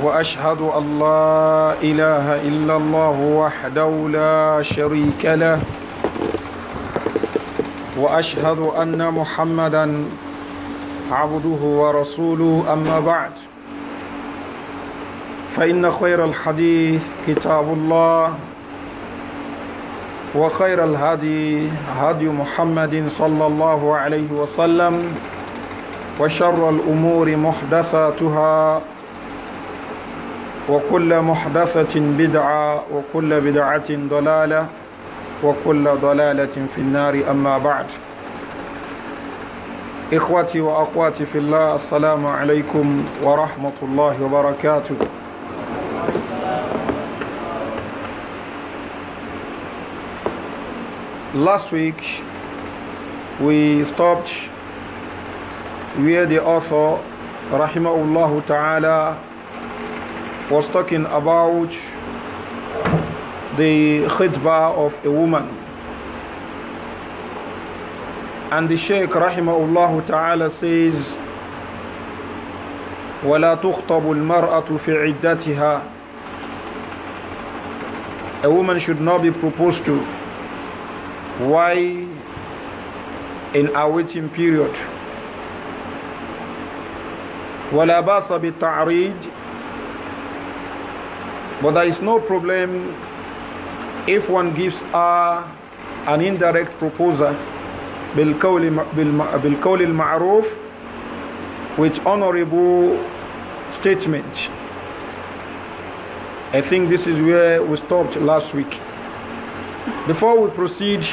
واشهد ان لا اله الا الله وحده لا شريك له واشهد ان محمدا عبده ورسوله اما بعد فان خير الحديث كتاب الله وخير الهدي هدي محمد صلى الله عليه وسلم وشر الامور محدثاتها وكل محدثة بدعة وكل بدعة ضلالة وكل ضلالة في النار أما بعد إخوتي وأخواتي في الله السلام عليكم ورحمة الله وبركاته Last week we stopped where the author رحمه الله تعالى was talking about the khidbah of a woman. And the Shaykh rahimahullah ta'ala says, ولا تخطب المرأة في عدتها A woman should not be proposed to Why in a waiting period ولا باس بالتعريج but there is no problem if one gives her an indirect proposal بالقول المعروف which honorable statement. I think this is where we stopped last week. Before we proceed,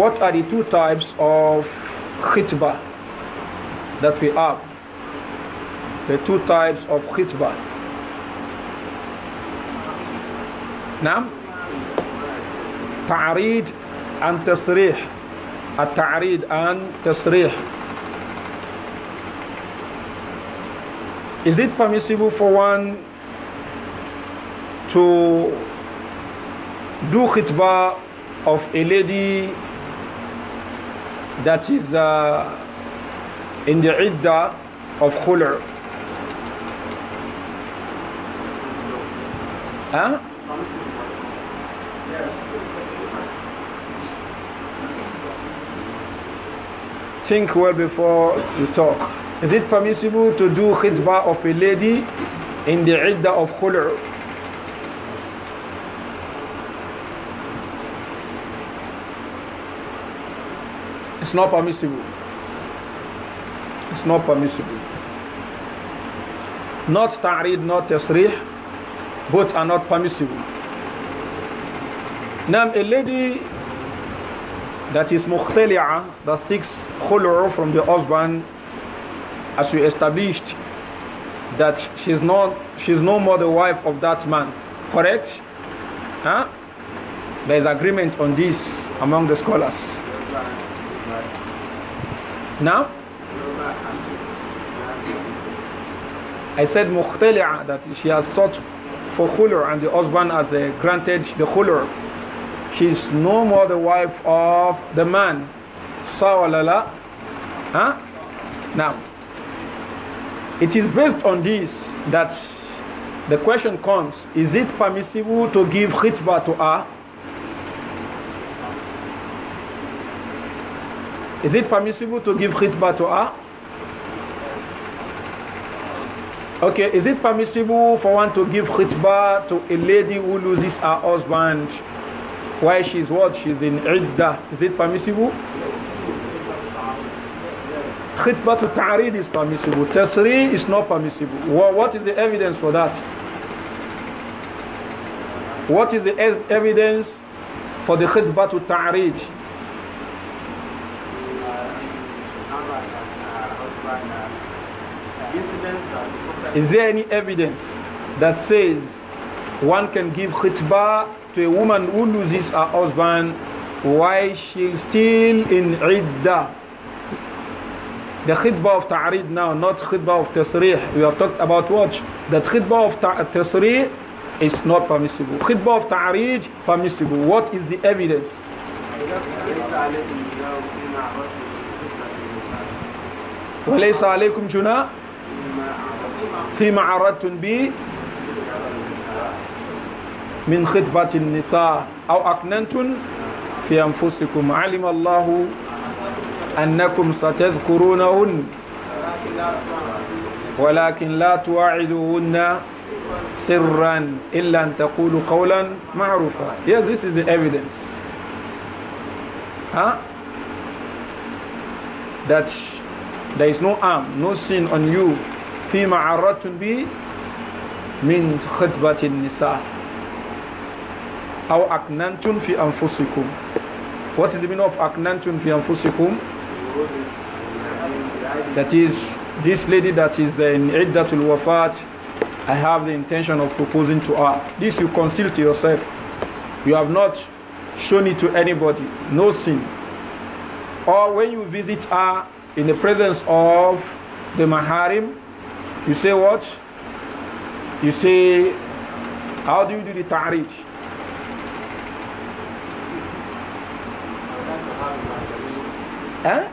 what are the two types of khitbah that we have? The two types of khitbah. نعم تعريض عن تصريح التعريض عن تصريح Is it permissible for one to do khitbah of a lady that is uh, in the idda of khul'u? Huh? think well before you talk. Is it permissible to do khidbah of a lady in the iddah of khul'u? It's not permissible. It's not permissible. Not ta'rid, not tasrih, both are not permissible. Now, a lady that is mukhtali'a, that seeks khulu from the husband, as we established, that she's not she's no more the wife of that man. Correct? Huh? There is agreement on this among the scholars. Now? I said mukhtali'a, that she has sought for khulu and the husband has uh, granted the khulu she is no more the wife of the man. Sawalala. Huh? Now, it is based on this that the question comes is it permissible to give khitbah to her? Is it permissible to give khitbah to her? Okay, is it permissible for one to give khitbah to a lady who loses her husband why she's what? She's in iddah. Is it permissible? Khitbatu ta'rid is permissible. Tasri is not permissible. Well, what is the evidence for that? What is the evidence for the khitbatu ta'rid? Is there any evidence that says one can give khitbah to a woman who loses her husband she she's still in idda? The khidbah of ta'rid now, not khidbah of tasrih. We have talked about what? That khidbah of ta tasrih is not permissible. Khidbah of ta'rid, permissible. What is the evidence? وليس عليكم جناح فيما عرضتم به من خطبة النساء أو أكننتم في أنفسكم علم الله أنكم ستذكرونهن ولكن لا تواعدوهن سرا إلا أن تقولوا قولا معروفا Yes, this is the evidence huh? That there is no harm, no sin on you فيما عرضتم به من خطبة النساء أو أكننتم في أنفسكم What is the meaning of أكننتم في أنفسكم? That is, this lady that is in Iddatul Wafat, I have the intention of proposing to her. This you conceal to yourself. You have not shown it to anybody. No sin. Or when you visit her in the presence of the Maharim, you say what? You say, how do you do the tarit? Huh?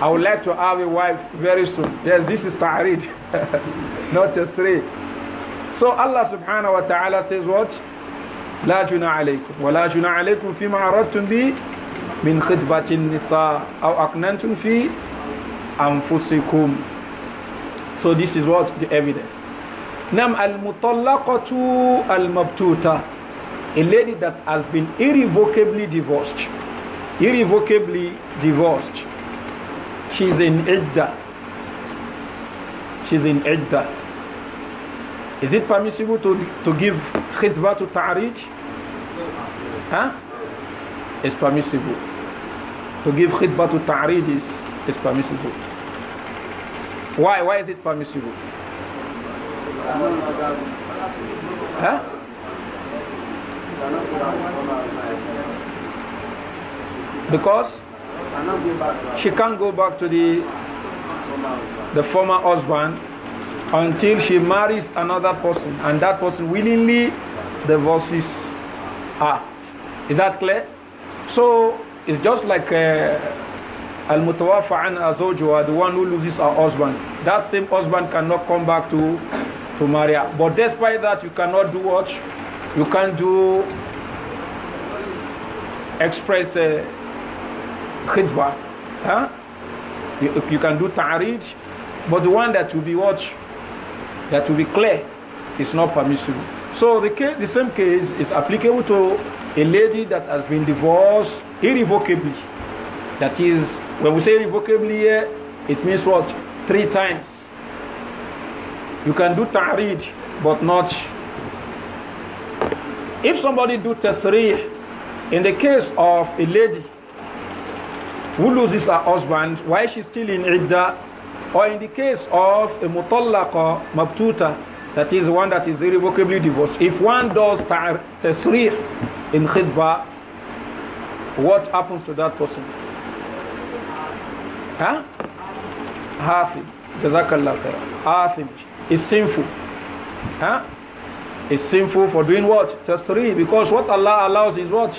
I would like to have a wife very soon. Yes, this is ta'rid, not a three. So Allah subhanahu wa ta'ala says what? لا جنى عليكم ولا جنى عليكم فيما عرضتم به من خطبة النساء أو أقننتم في أنفسكم. So this is what the evidence. Nam al-mutallaqatu al-mabtuta. A lady that has been irrevocably divorced irrevocably divorced. She's in Edda. She's in edda. Is it permissible to, to give khidbah to ta'rij? Huh? It's permissible. To give khidbah to ta'rij is, is permissible. Why? Why is it permissible? Huh? because she can't go back to the the former husband until she marries another person and that person willingly divorces her. Is that clear? So it's just like uh, al mutawafa an azawjuha, the one who loses her husband. That same husband cannot come back to to marry her. But despite that, you cannot do what you can do. Express. Uh, khidwa. Huh? You, you can do ta'rid, but the one that will be what? That will be clear is not permissible. So the, case, the same case is applicable to a lady that has been divorced irrevocably. That is, when we say irrevocably here, it means what? Three times. You can do ta'rid, but not. If somebody do tasrih, in the case of a lady who loses her husband while she's still in idda, or in the case of a mutallaqa mabtuta, that is one that is irrevocably divorced. If one does tasrih in khidbah, what happens to that person? Huh? Hafim. Jazakallah khair. Hafim. is sinful. Huh? It's sinful for doing what? Tasrih. Because what Allah allows is what?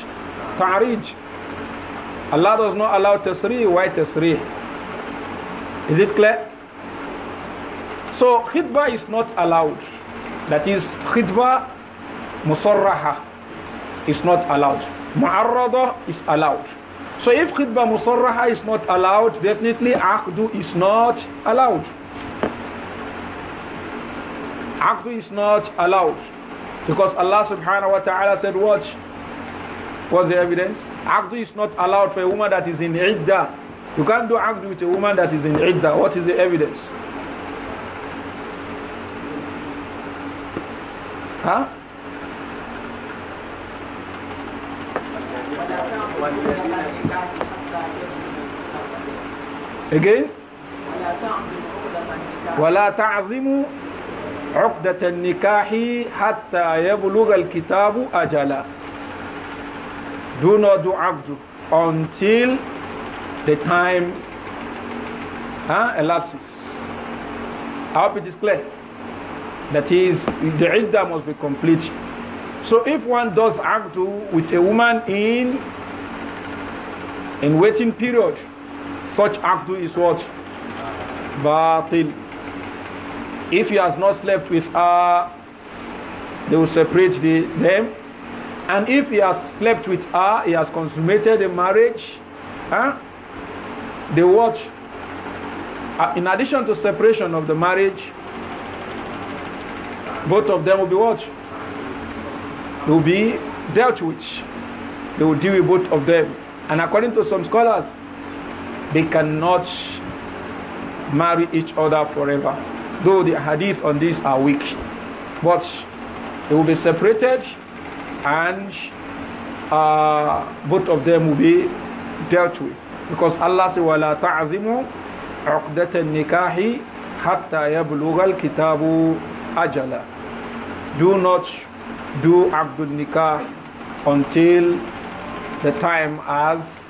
Ta'rij. Allah does not allow tasri, why tasri? Is it clear? So khidbah is not allowed. That is khidbah musarraha is not allowed. Mu'arrada is allowed. So if khidbah musarraha is not allowed, definitely akdu is not allowed. Akdu is not allowed. Because Allah subhanahu wa ta'ala said, watch. What's the evidence? Aqdu is not allowed for a woman that is in idda. You can't do aqdu with a woman that is in idda. What is the evidence? Huh? Again? ولا تعزموا عقدة النكاح حتى يبلغ الكتاب أجله do not do abdu until the time huh, elapses. I hope it is clear. That is, the idda must be complete. So if one does abdu with a woman in in waiting period, such abdu is what? Batil. If he has not slept with her, they will separate the, them and if he has slept with her, he has consummated the marriage, huh? they watch. Uh, in addition to separation of the marriage, both of them will be what? They will be dealt with. They will deal with both of them. And according to some scholars, they cannot marry each other forever. Though the hadith on this are weak. But they will be separated and uh, both of them will be dealt with. Because Allah says, وَلَا تَعْزِمُوا عُقْدَةَ النِّكَاحِ حَتَّى يَبْلُغَ الْكِتَابُ أَجَلًا Do not do abdul nikah until the time has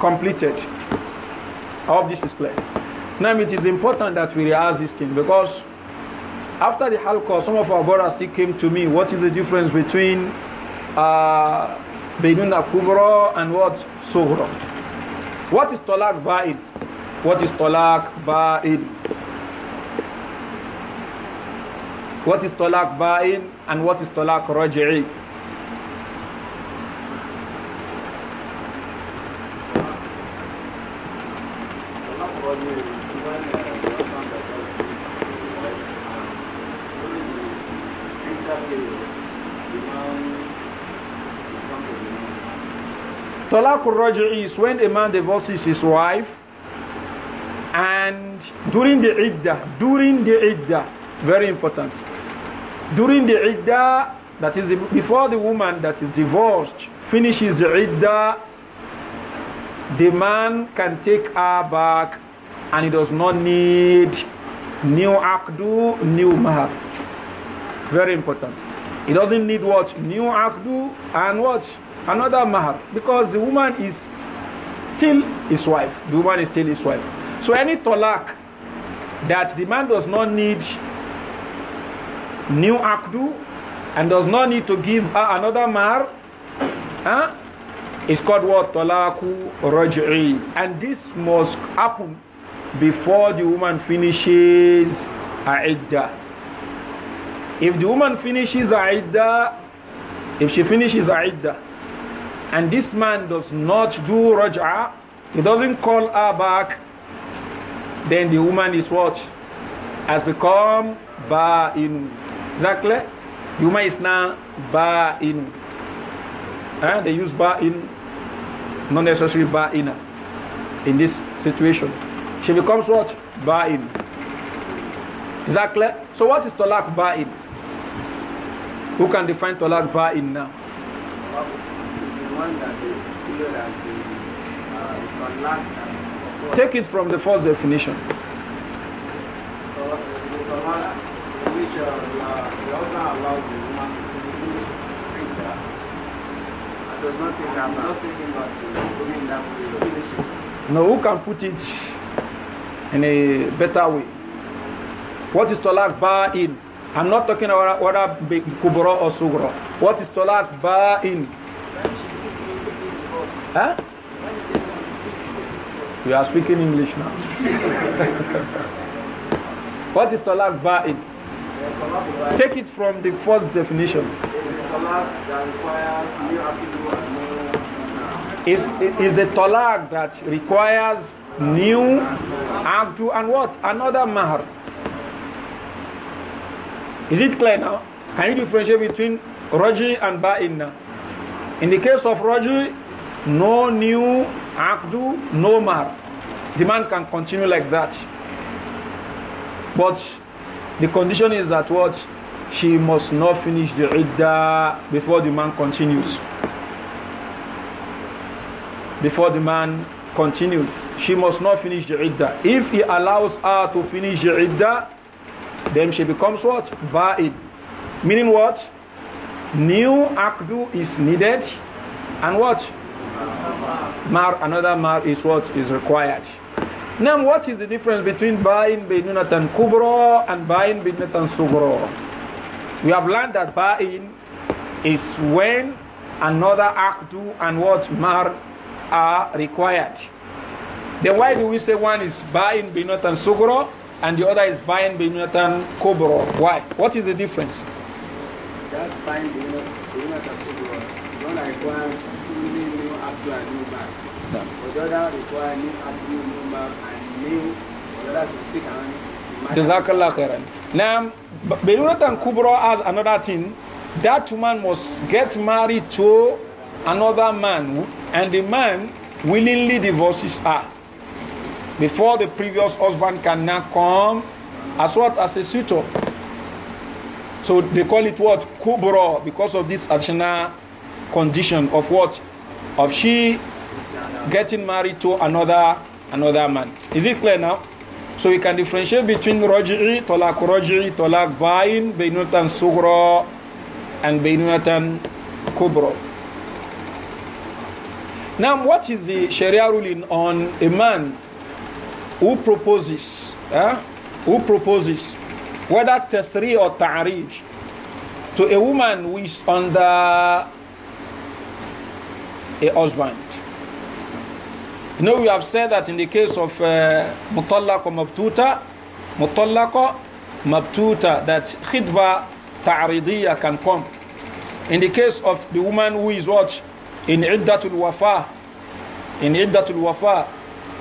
completed. I hope this is clear. Now it is important that we realize this thing because After the halqa, some of our brothers still came to me. What is the difference between uh, Benuna Kubra and what? Sughra. What is Tolak Ba'id? What is Tolak Ba'id? What is Tolak Ba'id and what is Tolak Raj'i? Talakul Raj'i is when a man divorces his wife and during the Iddah, during the Iddah, very important. During the Iddah, that is before the woman that is divorced finishes the Iddah, the man can take her back and he does not need new Akdu, new Mahar. Very important. He doesn't need what? New Akdu and what? another mahar because the woman is still his wife. The woman is still his wife. So any talak that the man does not need new akdu and does not need to give her another mahar huh, is called what? Talaku raj'i. And this must happen before the woman finishes her If the woman finishes aida, if she finishes aida and this man does not do raj'a, he doesn't call her back, then the woman is what? Has become ba'in. Exactly. The woman is now ba'in. Eh? They use ba'in, not necessarily ba'ina, uh, in this situation. She becomes what? Ba'in. Exactly. So what is ba ba'in? Who can define ba ba'in now? Uh, Take it from the first definition. Uh, uh, no, who can put it in a better way? What is talak in? I'm not talking about what whether kubra or sugra. What is talak in? Huh? We are speaking English now. what is talak ba'in? Take it from the first definition. Is is a talak that requires new abdu and what another mahar. Is it clear now? Can you differentiate between roji and ba'in now? In the case of roji, no new Akdu, no mar. The man can continue like that. But the condition is that what? She must not finish the Iddah before the man continues. Before the man continues, she must not finish the Iddah. If he allows her to finish the Iddah, then she becomes what? Ba'id. Meaning what? New Akdu is needed and what? Mar, another mar is what is required. Now, what is the difference between buying Beinunatan Kubro and buying Beinunatan Sugro? We have learned that buying is when another Akdu and what Mar are required. Then why do we say one is buying Beinunatan Sugro and the other is buying Beinunatan Kubro? Why? What is the difference? That's buying Beinunatan Sugro. You don't require a new man. No. Whether require new avenue, new man, and new, whether to speak and Jazakallah khairan. Now, Beruratan Kubra has another thing. That woman must get married to another man, and the man willingly divorces her before the previous husband can now come as what as a suitor. So they call it what kubra because of this additional condition of what of she getting married to another another man. Is it clear now? So we can differentiate between tola rojri tola talaq bayin, bainunatan sughra, and bainunatan kubro. Now, what is the Sharia ruling on a man who proposes, eh? who proposes, whether tasri or ta'rij, to a woman who is under a husband. You know, we have said that in the case of uh, mutallaqa mabtuta, mutallaqa mabtuta, that khidba ta'ridiyya can come. In the case of the woman who is what? In iddatul wafa. In iddatul wafa.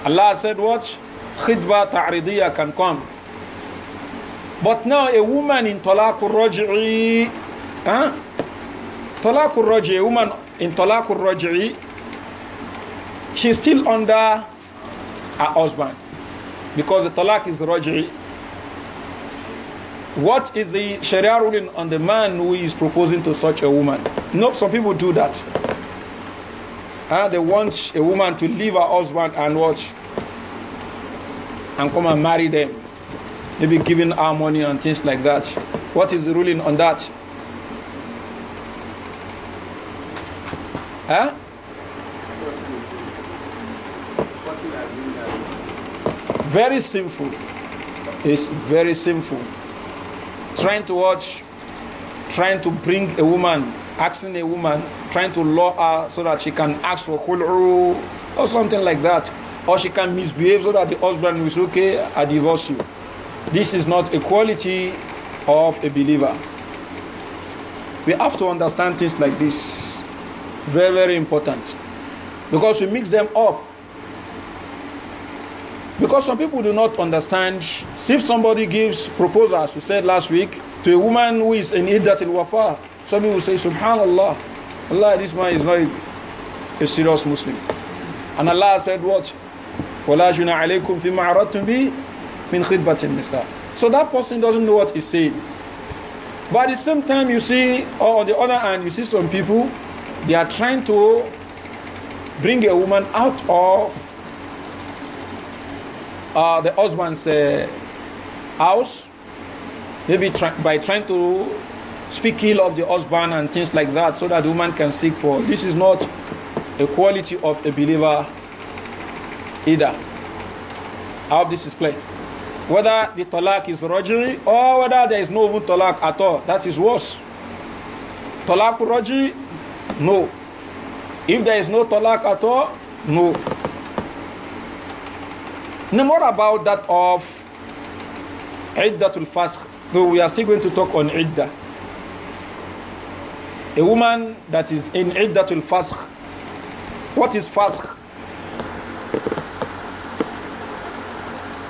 Allah said what? Khidba ta'ridiyya can come. But now a woman in al raj'i, huh? al raj'i, a woman in talaqul raj'i, she's still under her husband because the talaq is raj'i. What is the Sharia ruling on the man who is proposing to such a woman? Nope, some people do that. Uh, they want a woman to leave her husband and watch and come and marry them. Maybe giving her money and things like that. What is the ruling on that? Huh? Very sinful. It's very sinful. Trying to watch, trying to bring a woman, asking a woman, trying to lure her so that she can ask for khul'u or something like that. Or she can misbehave so that the husband will say, okay, I divorce you. This is not a quality of a believer. We have to understand things like this. Very, very important. Because we mix them up. Because some people do not understand. See if somebody gives proposals, we said last week, to a woman who is in Iddat al Wafa, some people say, Subhanallah, Allah, this man is not a serious Muslim. And Allah said, What? وَلَا جُنَا fi فِي مَعْرَضْتُمْ بِي مِنْ So that person doesn't know what he's saying. But at the same time, you see, or on the other hand, you see some people they are trying to bring a woman out of uh, the husband's uh, house, maybe try, by trying to speak ill of the husband and things like that, so that the woman can seek for. This is not a quality of a believer either. I hope this is clear. Whether the talak is rajri or whether there is no talak at all, that is worse. Talak rajri no. If there is no talak at all, no. No more about that of iddatul fasq. No, we are still going to talk on iddah. A woman that is in iddatul fasq. What is fasq?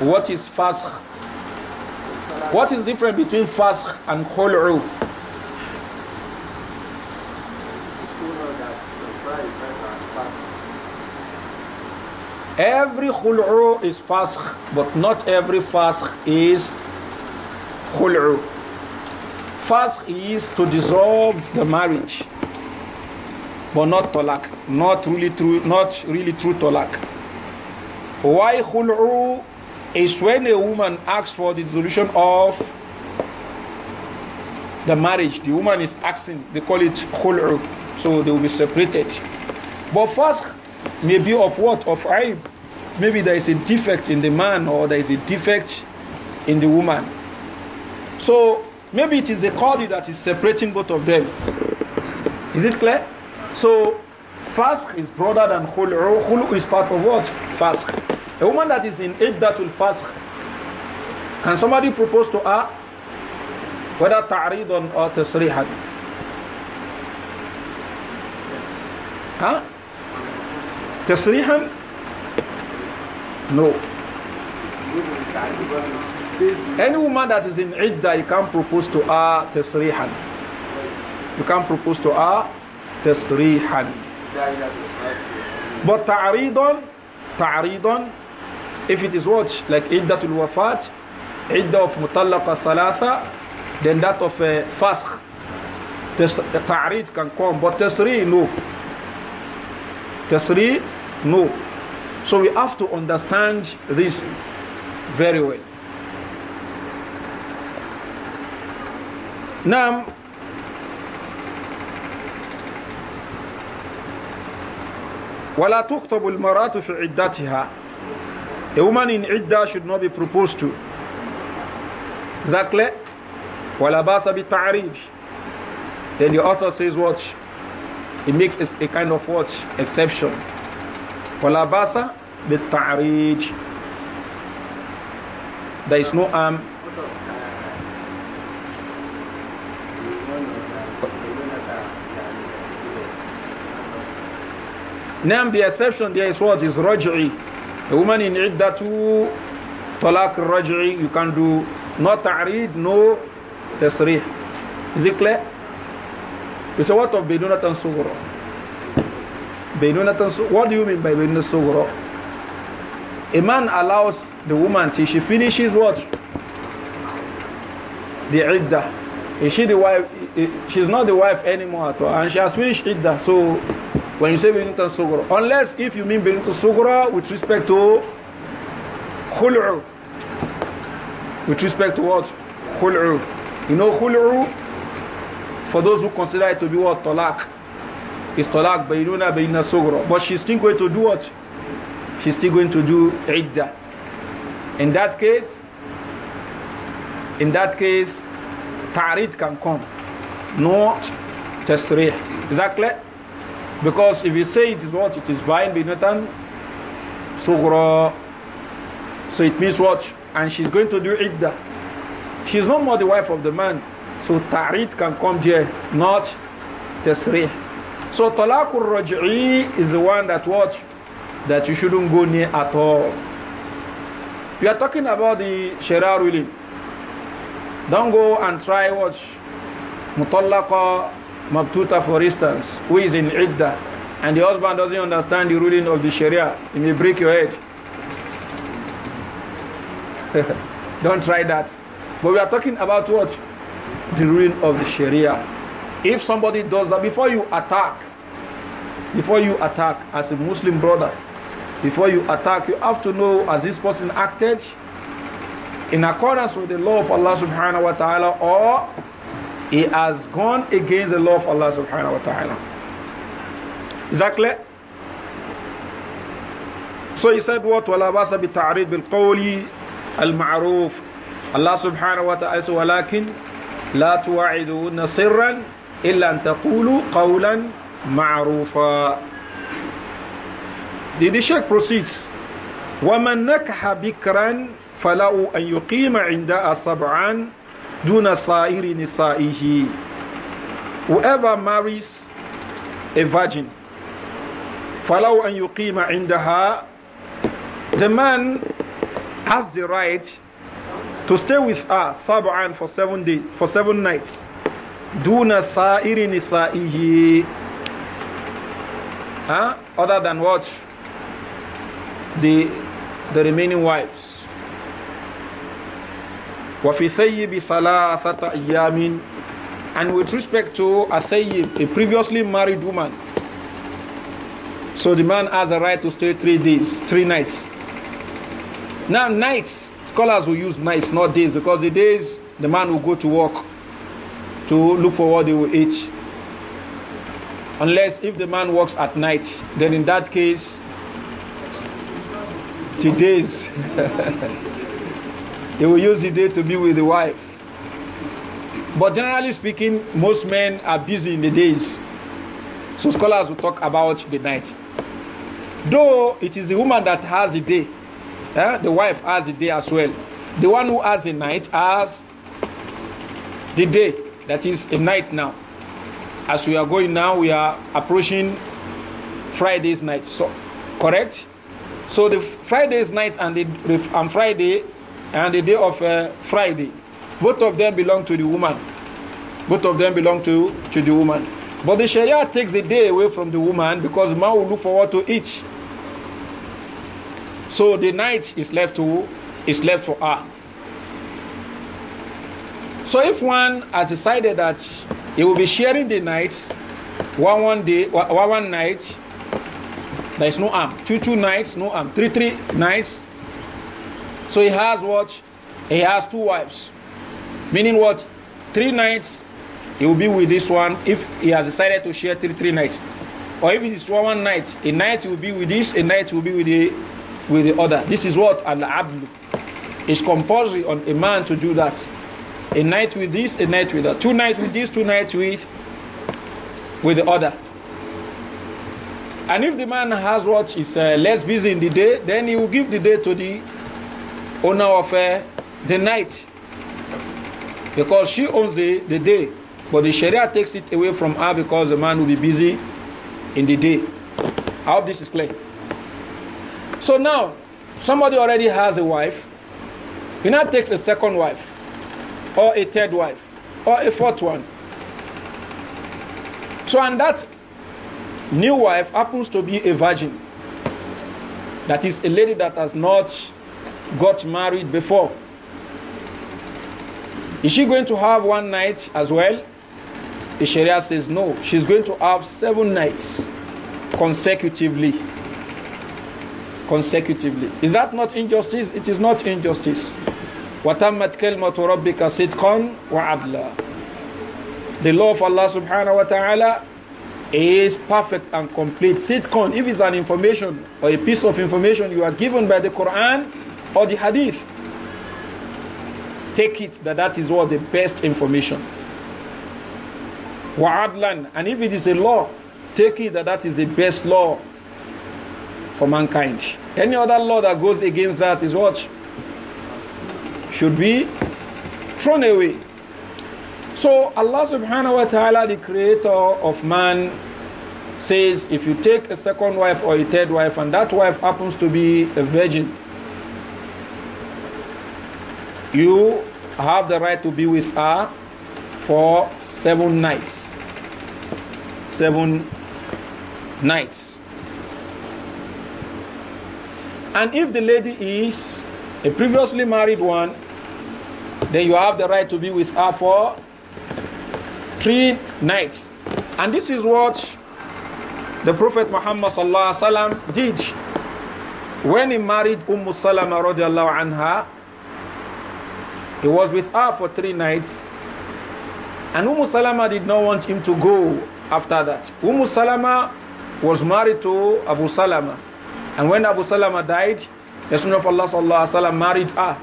What is fasq? What is different between fasq and khul'u? Every khul'u is fasq, but not every fasq is khul'u. Fasq is to dissolve the marriage, but not talak, not really true, not really true talak. Why khul'u is when a woman asks for the dissolution of the marriage. The woman is asking, they call it khul'u, so they will be separated. But fasq may be of what? Of aib maybe there is a defect in the man or there is a defect in the woman. So maybe it is a qadi that is separating both of them. Is it clear? So Fask is broader than khul'u. Khul'u is part of what? Fask. A woman that is in iddatul fask. Can somebody propose to her? Whether ta'ridun or tasrihan. Huh? Tasrihan? No. Any woman that is in idda, you can't propose to her tasrihan. You can't propose to her tasrihan. But ta'ridon, ta'ridon, if it is what? Like iddatul wafat, idda of mutallaqa thalatha, then that of a uh, fasq. Ta'rid can come, but tasri, no. Tasri, no. So we have to understand this very well. Now, ولا تخطب المرأة في عدتها A woman in idda should not be proposed to. Exactly. ولا باس بالتعريف Then the author says what? He makes a, a kind of what? Exception. وَلَا بَاسَ بِالتَّعْرِيج There is no arm Now the exception there is what is raj'i. A woman in iddatu talak raj'i, you can do no ta'rid, no tasrih. Is it clear? You say what of bidunatan sughra? Bainunatan What do you mean by Bainunatan Sughra? A man allows the woman till she finishes what? The idda. Is she the wife? She's not the wife anymore at all. And she has finished idda. So when you say Bainunatan Sughra, unless if you mean Bainunatan Sughra with respect to Khul'u. With respect to what? Khul'u. You know Khul'u? For those who consider it to be what? talak. is talaq baynuna bayna sugra. But she's still going to do what? She's still going to do idda. In that case, in that case, ta'rid can come, not tasrih. Is that clear? Because if you say it is what? It is bayn baynatan sugra. So it means what? And she's going to do idda. She's no more the wife of the man. So ta'rid can come there, not tasrih. So talaqul raj'i is the one that what? That you shouldn't go near at all. We are talking about the sharia ruling. Don't go and try watch Mutallaqa mabtuta for instance, who is in idda and the husband doesn't understand the ruling of the sharia, he may break your head. Don't try that. But we are talking about what? The ruling of the sharia. If somebody does that, before you attack, before you attack as a Muslim brother, before you attack, you have to know as this person acted in accordance with the law of Allah subhanahu wa ta'ala or he has gone against the law of Allah subhanahu wa ta'ala. Is that clear? So he said what? وَلَا bil بِالتَّعْرِيدِ al ma'ruf Allah subhanahu wa ta'ala says وَلَكِنْ لَا تُوَعِدُونَ سِرًّا إلا أن تقولوا قولا معروفا The, the Sheikh proceeds ومن نكح بكرا فله أن يقيم عندها سبعا دون سائر نسائه Whoever marries a virgin فله أن يقيم عندها The man has the right to stay with her سبعا for seven days for seven nights Duna sa'iri nisa'ihi. Huh? Other than what? The, the remaining wives. وَفِي ثَيِّبِ ثَلَاثَةَ أَيَّامٍ And with respect to a thayyib, a previously married woman, so the man has a right to stay three days, three nights. Now, nights, scholars will use nights, not days, because the days the man will go to work to look for what they will eat. Unless if the man works at night, then in that case, the days, they will use the day to be with the wife. But generally speaking, most men are busy in the days. So scholars will talk about the night. Though it is the woman that has the day, eh? the wife has the day as well. The one who has the night has the day that is a night now. As we are going now, we are approaching Friday's night. So, correct? So the Friday's night and the and Friday and the day of uh, Friday, both of them belong to the woman. Both of them belong to, to the woman. But the Sharia takes the day away from the woman because man will look forward to it. So the night is left to is left for her. So if one has decided that he will be sharing the nights, one one day, one, one night, there is no arm. Two two nights, no arm. Three three nights. So he has what? He has two wives. Meaning what? Three nights he will be with this one if he has decided to share three three nights. Or if it is one, one night, a night he will be with this, a night he will be with the with the other. This is what Al Abdu. is compulsory on a man to do that. A night with this, a night with that. Two nights with this, two nights with with the other. And if the man has what is uh, less busy in the day, then he will give the day to the owner of uh, the night. Because she owns the, the day. But the Sharia takes it away from her because the man will be busy in the day. I hope this is clear. So now, somebody already has a wife. He now takes a second wife. or a third wife or a fourth one. So, and that new wife happens to be a virgin. That is a lady that has not got married before. Is she going to have one night as well? The Sharia says no. She's going to have seven nights consecutively. Consecutively. Is that not injustice? It is not injustice. وَتَمَّتْ كَلْمَةُ رَبِّكَ صِدْقًا وَعَدْلًا The law of Allah subhanahu wa ta'ala is perfect and complete. Sitcon, if it's an information or a piece of information you are given by the Quran or the Hadith, take it that that is what the best information. Wa'adlan, and if it is a law, take it that that is the best law for mankind. Any other law that goes against that is what? should be thrown away. So Allah subhanahu wa ta'ala, the creator of man, says if you take a second wife or a third wife and that wife happens to be a virgin, you have the right to be with her for seven nights. Seven nights. And if the lady is a previously married one, then you have the right to be with her for three nights. And this is what the Prophet Muhammad وسلم did when he married Umm Salama radiallahu anha. He was with her for three nights. And Umm Salama did not want him to go after that. Umm Salama was married to Abu Salama. And when Abu Salama died, the son of Allah وسلم married her.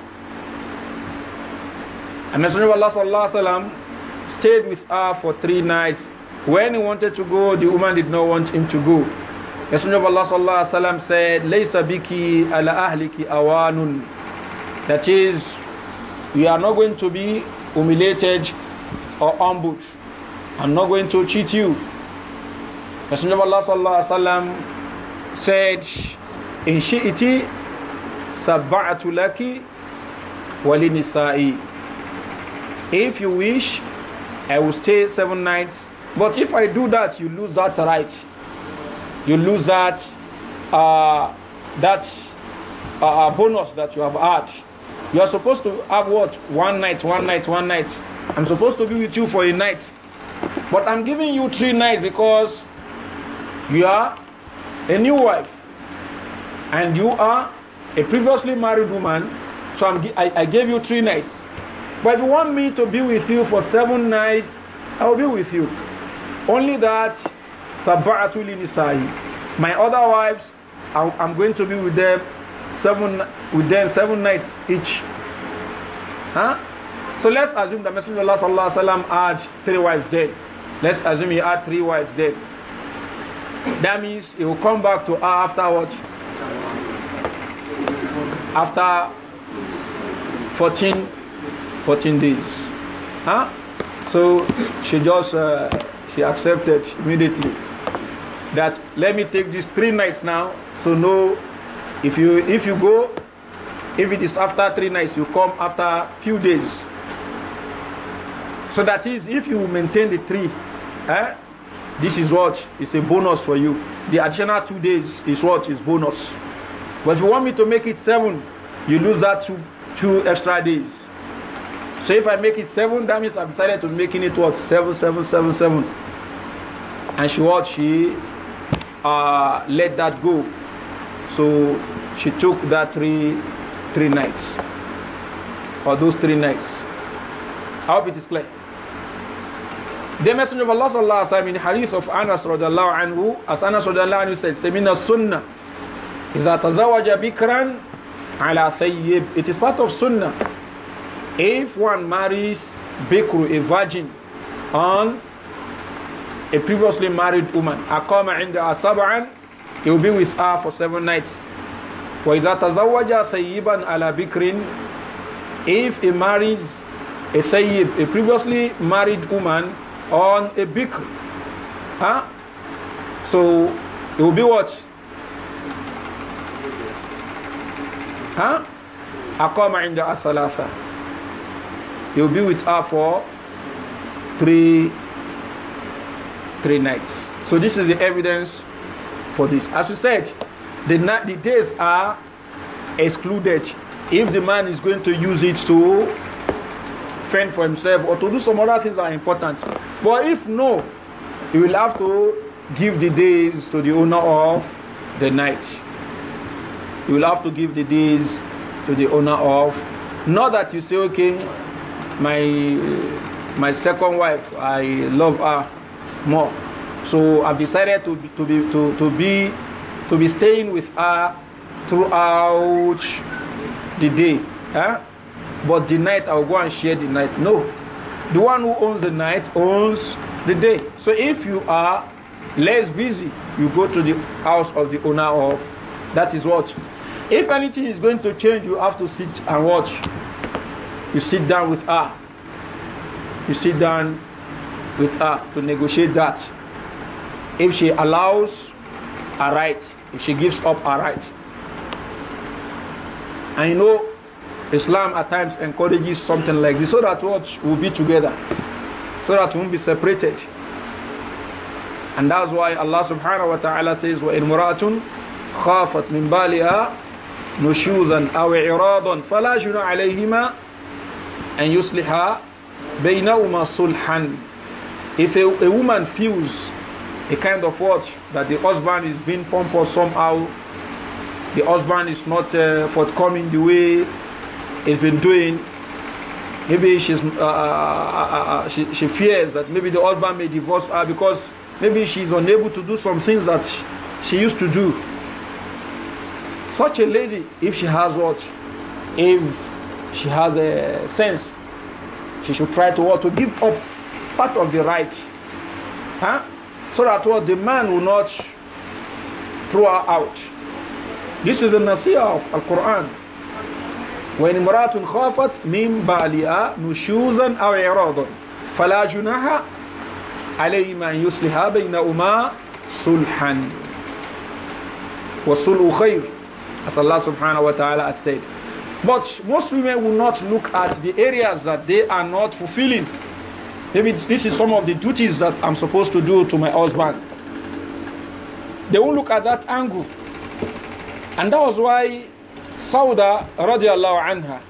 And Messenger of Allah sallallahu stayed with her for three nights. When he wanted to go, the woman did not want him to go. Messenger of Allah sallallahu said, "Laysa biki ala ahliki awanun." That is, you are not going to be humiliated or humbled. I'm not going to cheat you. Messenger of Allah sallallahu said, "In shi'iti sab'atu laki wa if you wish, I will stay seven nights. But if I do that, you lose that right. You lose that uh, that uh, uh, bonus that you have had. You are supposed to have what? One night, one night, one night. I'm supposed to be with you for a night. But I'm giving you three nights because you are a new wife and you are a previously married woman. So I'm, I, I gave you three nights. But if you want me to be with you for seven nights, I will be with you. Only that, Sabatu Nisa'i. My other wives, I'm going to be with them seven with them seven nights each. Huh? So let's assume the Messenger of Allah sallam, had three wives then. Let's assume he had three wives then. That means he will come back to her afterwards. After 14 14 days. Huh? So she just uh, she accepted immediately that let me take these three nights now. So no, if you if you go, if it is after three nights, you come after few days. So that is if you maintain the three, eh? This is what it's a bonus for you. The additional two days is what is bonus. But if you want me to make it seven, you lose that two two extra days. So if I make it seven, that I've decided to making it what seven, seven, seven, seven. And she what she uh, let that go. So she took that three three nights or those three nights. I hope it is clear. The Messenger of Allah sallallahu alaihi wasallam in hadith of Anas radiallahu anhu, as Anas radiallahu anhu said, "Semina sunnah, إذا تزوج بكرا على ثيب." It is part of sunnah if one marries Bikru, a virgin, on a previously married woman, Akama the asab'an, he will be with her for seven nights. وَإِذَا تَزَوَّجَ ثَيِّبًا ala بِكْرٍ If he marries a thayyib, a previously married woman, on a bikr, huh? so it will be what? Huh? أَقَامَ عِنْدَ أَثَلَاثَةً He will be with her for three, three nights. So this is the evidence for this. As we said, the, night, the days are excluded if the man is going to use it to fend for himself or to do some other things that are important. But if no, he will have to give the days to the owner of the night. He will have to give the days to the owner of. Not that you say, okay, my my second wife i love her more so i've decided to be, to be to, to be to be staying with her throughout the day eh? but the night i'll go and share the night no the one who owns the night owns the day so if you are less busy you go to the house of the owner of that is what if anything is going to change you have to sit and watch You sit down with her. You sit down with her to negotiate that. If she allows a right, if she gives up a right. I know Islam at times encourages something like this so that what will be together, so that we won't be separated. And that's why Allah subhanahu wa ta'ala says, وَإِنْ Muratun, خَافَتْ مِنْ بَالِهَا نُشُوزًا أَوْ إِعْرَاضًا فَلَا جُنَا عَلَيْهِمَا and yusliha baynahuma sulhan. If a, a woman feels a kind of what that the husband is being pompous somehow, the husband is not uh, forthcoming the way he's been doing. Maybe she's uh, uh, uh, uh she, she fears that maybe the husband may divorce her because maybe she's unable to do some things that she used to do. Such a lady, if she has what, if she has a sense. She should try to what to give up part of the right, huh? So that what the man will not throw her out. This is the nasiyah of Al Quran. When imratun khafat min baliha nushuzan aw iradan fala junaha alayhima an yusliha baynahuma sulhan wa sulu khair as Allah subhanahu wa ta'ala has said but most women will not look at the areas that they are not fulfilling. Maybe this is some of the duties that I'm supposed to do to my husband. They won't look at that angle. And that was why Sauda radiallahu anha,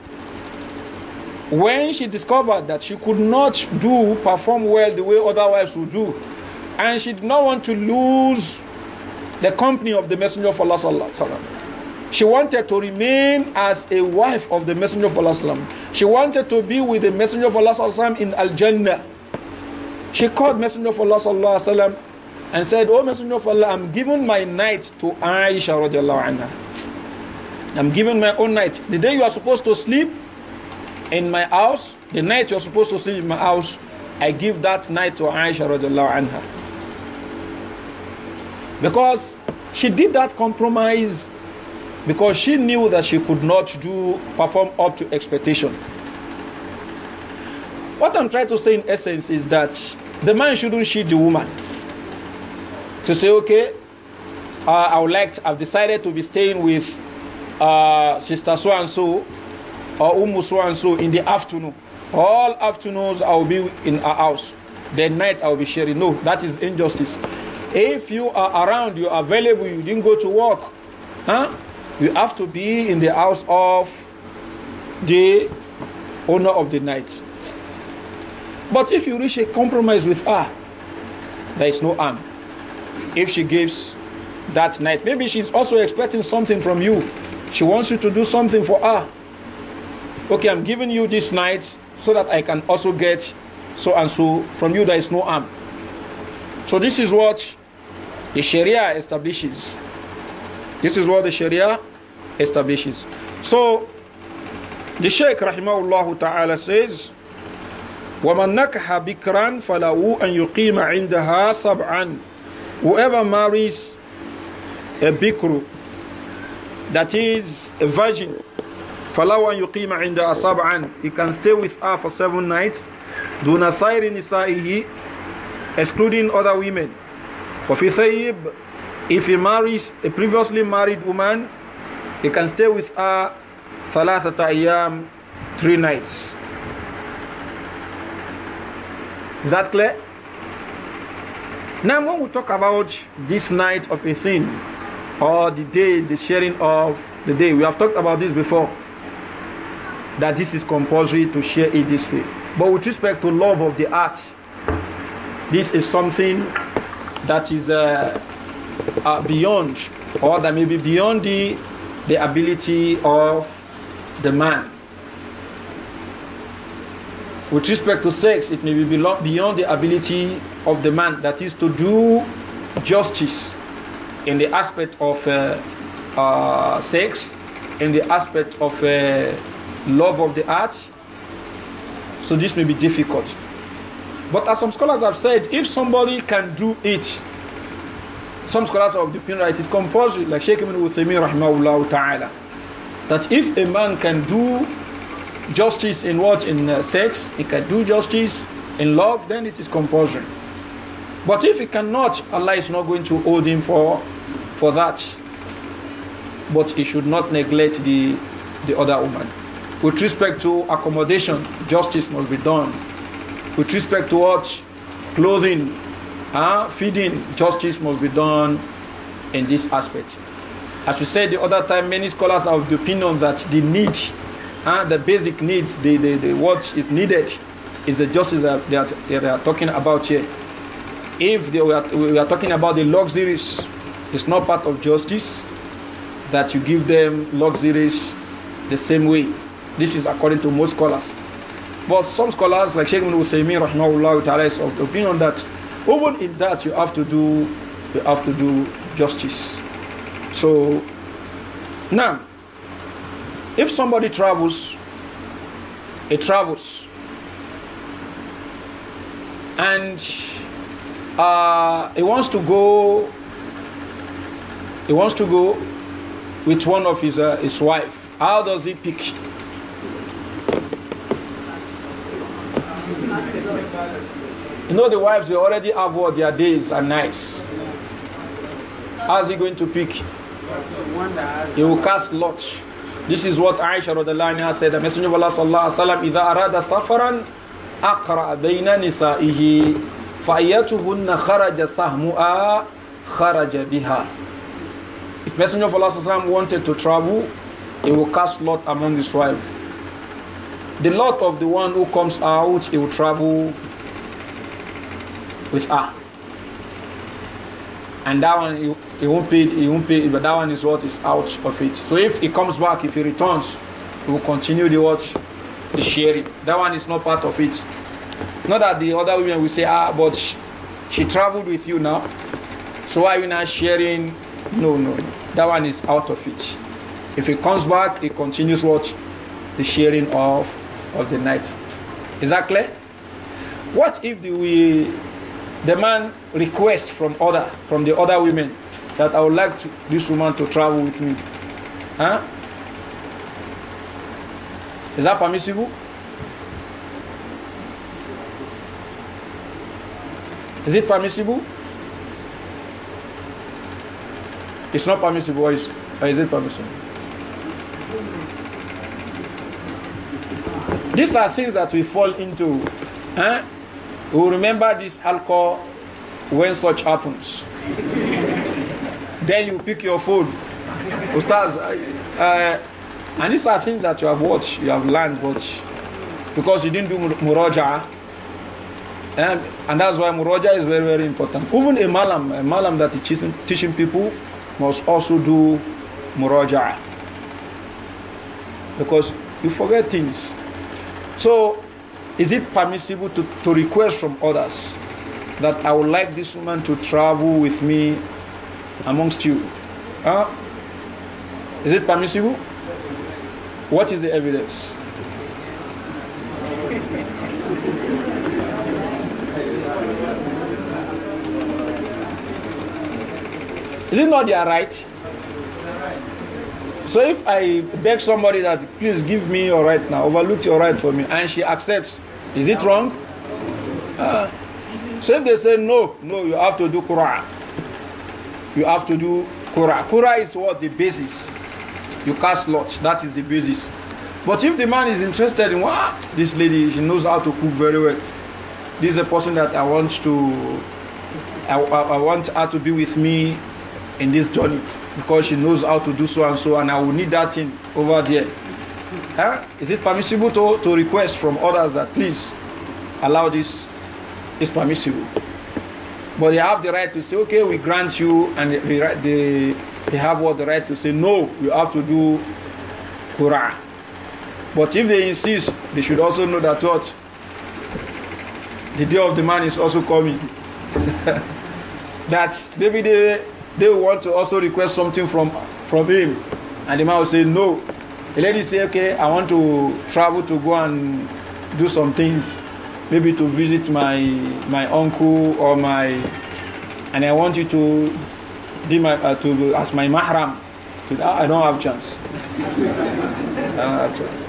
when she discovered that she could not do, perform well the way other wives would do, and she did not want to lose the company of the Messenger of Allah sallallahu she wanted to remain as a wife of the Messenger of Allah. She wanted to be with the Messenger of Allah in Al Jannah. She called Messenger of Allah and said, Oh Messenger of Allah, I'm giving my night to Aisha. Anha. I'm giving my own night. The day you are supposed to sleep in my house, the night you are supposed to sleep in my house, I give that night to Aisha. Anha. Because she did that compromise because she knew that she could not do perform up to expectation. What I'm trying to say in essence is that the man shouldn't cheat the woman. To say, okay, uh, I would like, I've decided to be staying with uh, Sister so and so or Umu so and so in the afternoon. All afternoons I will be in her house. The night I will be sharing. No, that is injustice. If you are around, you are available, you didn't go to work, huh? You have to be in the house of the owner of the night. But if you reach a compromise with her, there is no harm. If she gives that night, maybe she's also expecting something from you. She wants you to do something for her. Okay, I'm giving you this night so that I can also get so and so from you. There is no harm. So, this is what the Sharia establishes. This is what the Sharia establishes. So, the Sheikh, rahimahullah ta'ala says, وَمَنْ نَكَحَ بِكْرًا فَلَهُ أَنْ يُقِيمَ عِنْدَهَا سَبْعًا Whoever marries a bikru, that is a virgin, فَلَهُ أَنْ يُقِيمَ عِنْدَهَا سَبْعًا He can stay with her for seven nights, دُونَ سَيْرِ نِسَائِهِ excluding other women. وَفِي ثَيِّبْ if he marries a previously married woman, he can stay with her thalathata ayyam, three nights. Is that clear? Now when we talk about this night of a thing, or the day, the sharing of the day, we have talked about this before, that this is compulsory to share it this way. But with respect to love of the arts, this is something that is... Uh, uh, beyond or that may be beyond the, the ability of the man. With respect to sex, it may be beyond the ability of the man, that is to do justice in the aspect of uh, uh, sex, in the aspect of uh, love of the art. So this may be difficult. But as some scholars have said, if somebody can do it, some scholars of the opinion that it is compulsory, like Sheikh Ibn Uthaymeen rahmahullah ta'ala, that if a man can do justice in what? In uh, sex, he can do justice in love, then it is compulsory. But if he cannot, Allah is not going to hold him for, for that. But he should not neglect the, the other woman. With respect to accommodation, justice must be done. With respect to what? Clothing, uh, feeding justice must be done in this aspect. As we said the other time, many scholars are of the opinion that the need, uh, the basic needs, the, the, the what is needed is the justice that they are, they are talking about here. If they were, we are talking about the luxuries, it's not part of justice that you give them luxuries the same way. This is according to most scholars. But some scholars, like Sheikh Ibn Uthaymeen, rahmahullah is of the opinion that even in that, you have to do you have to do justice. So now, if somebody travels, he travels, and uh, he wants to go. He wants to go with one of his uh, his wife. How does he pick? You know the wives, they already have what their days and nights. How's he going to pick? He will cast lots. This is what Aisha Rodalania said. The Messenger of Allah Sallallahu Alaihi إِذَا أَرَادَ سَفَرًا أَقْرَأَ بَيْنَ نِسَائِهِ فَأَيَّتُهُنَّ خَرَجَ سَهْمُهَا خَرَجَ بِهَا If Messenger of Allah Sallallahu Alaihi wanted to travel, he will cast lot among his wife. The lot of the one who comes out, he will travel with are, And that one he, won't pay he won't pay but that one is what is out of it. So if he comes back, if he returns, we will continue the watch, the sharing. That one is not part of it. Not that the other women will say, ah, but she, she traveled with you now. So why are you not sharing? No, no. That one is out of it. If he comes back, he continues what? The sharing of, of the night. Is that clear? What if the, we the man requests from other from the other women that I would like to, this woman to travel with me. Huh? Is that permissible? Is it permissible? It's not permissible, or is, or is it permissible? These are things that we fall into. Huh? We will remember this alcohol when such happens. then you pick your food, Ustaz, uh, and these are things that you have watched, you have learned, but because you didn't do muraja. And, um, and that's why muraja is very, very important. Even a malam, a malam that is teaching, teaching people must also do muraja. Because you forget things. So is it permissible to, to request from others that I would like this woman to travel with me amongst you? Huh? Is it permissible? What is the evidence? Is it not their right? So if I beg somebody that please give me your right now, overlook your right for me, and she accepts, is it wrong? Uh, so if they say no, no, you have to do Qur'an. You have to do Qur'an. Qur'an is what the basis. You cast lots. That is the basis. But if the man is interested in what this lady, she knows how to cook very well. This is a person that I want to, I, I, I want her to be with me in this journey because she knows how to do so and so, and I will need that thing over there. Huh? Is it permissible to, to request from others that please allow this? It's permissible. But they have the right to say, okay, we grant you, and they, they, they have what the right to say, no, you have to do Quran. But if they insist, they should also know that what? The day of the man is also coming. that maybe they they want to also request something from, from him. And the man will say, no. The lady say, okay, I want to travel to go and do some things. Maybe to visit my, my uncle or my... And I want you to be my, uh, to, as my mahram. Ah, I don't have chance. I don't have chance.